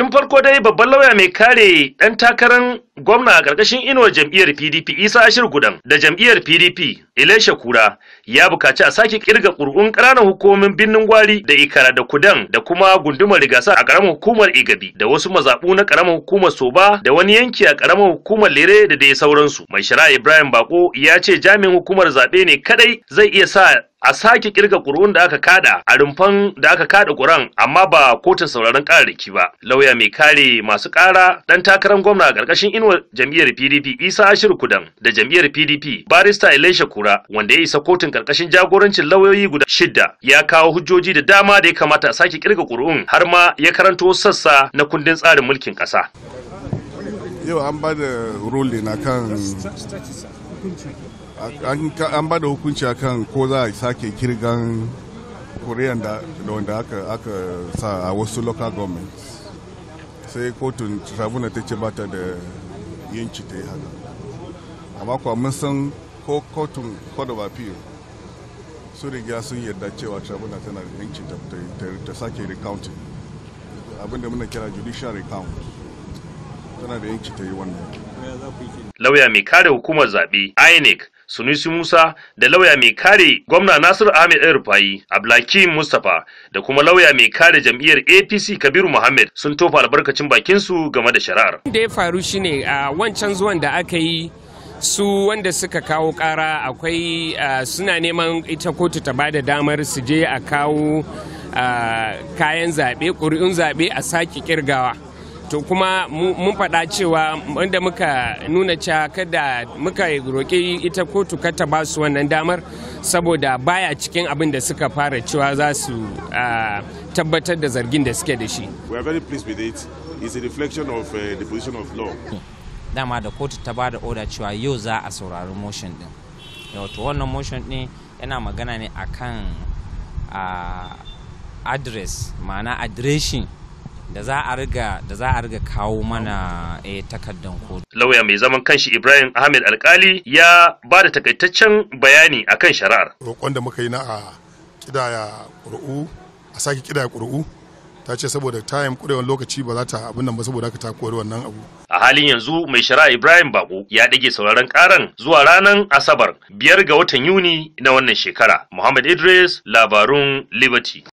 tun farko dai babban lauya mai kare ɗan takarar gwamna a ƙarƙashin inuwar jam'iyyar pdp isa ashir gudan da jam'iyyar pdp ilesha kura ya bukaci a sake kirga ƙur'un ƙananan hukumomin birnin gwari da ikara da kudan da kuma gundumar rigasa a ƙaramar hukumar igabi da wasu mazaɓu na ƙaramar hukumar soba da wani yanki a ƙaramar hukumar lere da dai sauransu mai shari'a ibrahim bako ya ce jami'in hukumar zaɓe ne kadai zai iya sa a sake kirga ƙuri'un da aka kada a rumfan da aka kada ƙuran amma ba kotun sauraron ƙararraki ba lauya mai kare masu ƙara dan takarar gwamna a ƙarƙashin inuwar jam'iyyar pdp isa ashiru kudan da jam'iyyar pdp barista elisha kura wanda ya isa kotun ƙarƙashin jagorancin lauyoyi guda shidda ya kawo hujjoji da dama da ya kamata a sake kirga ƙuri'un har ma ya karanto sassa na kundin tsarin mulkin ƙasa. yau an bada da role na kan an bada hukunci a kan ko za a sake kirgan korean da wanda aka sa a wasu local governments sai kotun tribunal ta ce bata da yanci ta yi haka amma kuwa mun san ko kotun court of appeal su riga sun yarda cewa tribunal tana da yanci ta sake recounting abinda muna kira judicial recount lauya mai kare hukumar zaɓe inec sunusi musa da lauya mai kare gwamna nasiru ahmed ɗan rufayi abdulhakim mustapha da kuma lauya mai kare jam'iyyar apc kabiru muhammad sun tofa albarkacin bakinsu game da shari'ar da ya faru shine a wancan zuwan da aka yi su wanda suka kawo kara akwai suna neman ita kotu ta bada damar su je a kawo kayan zaɓe ƙuri'un zaɓe a sake kirgawa to kuma mun faɗa cewa wanda muka nuna cewa kada muka roƙi ita kotu kata ba su wannan damar saboda baya cikin abin da suka fara cewa za su tabbatar da zargin da suke da shi we are very pleased with it a reflection of uh, the position of law dama da kotu ta ba da oda cewa yau za a saurari motion din wato wannan motion din yana magana ne akan address ma'ana adireshin da za a riga da za a riga kawo mana eh, takardan kotu. Lauya mai zaman kanshi Ibrahim Ahmed Alkali ya ba da takaitaccen bayani akan shari'ar. Roƙon da muka yi na a kidaya ƙuri'u a sake kidaya ƙuri'u ta ce saboda tayin ƙurewan lokaci ba za ta abin nan ba saboda ka ta kori wannan abu. A halin yanzu mai shari'a Ibrahim Bako ya ɗage sauraron karan zuwa ranar Asabar biyar ga watan Yuni na wannan shekara. Muhammad Idris labarun Liberty.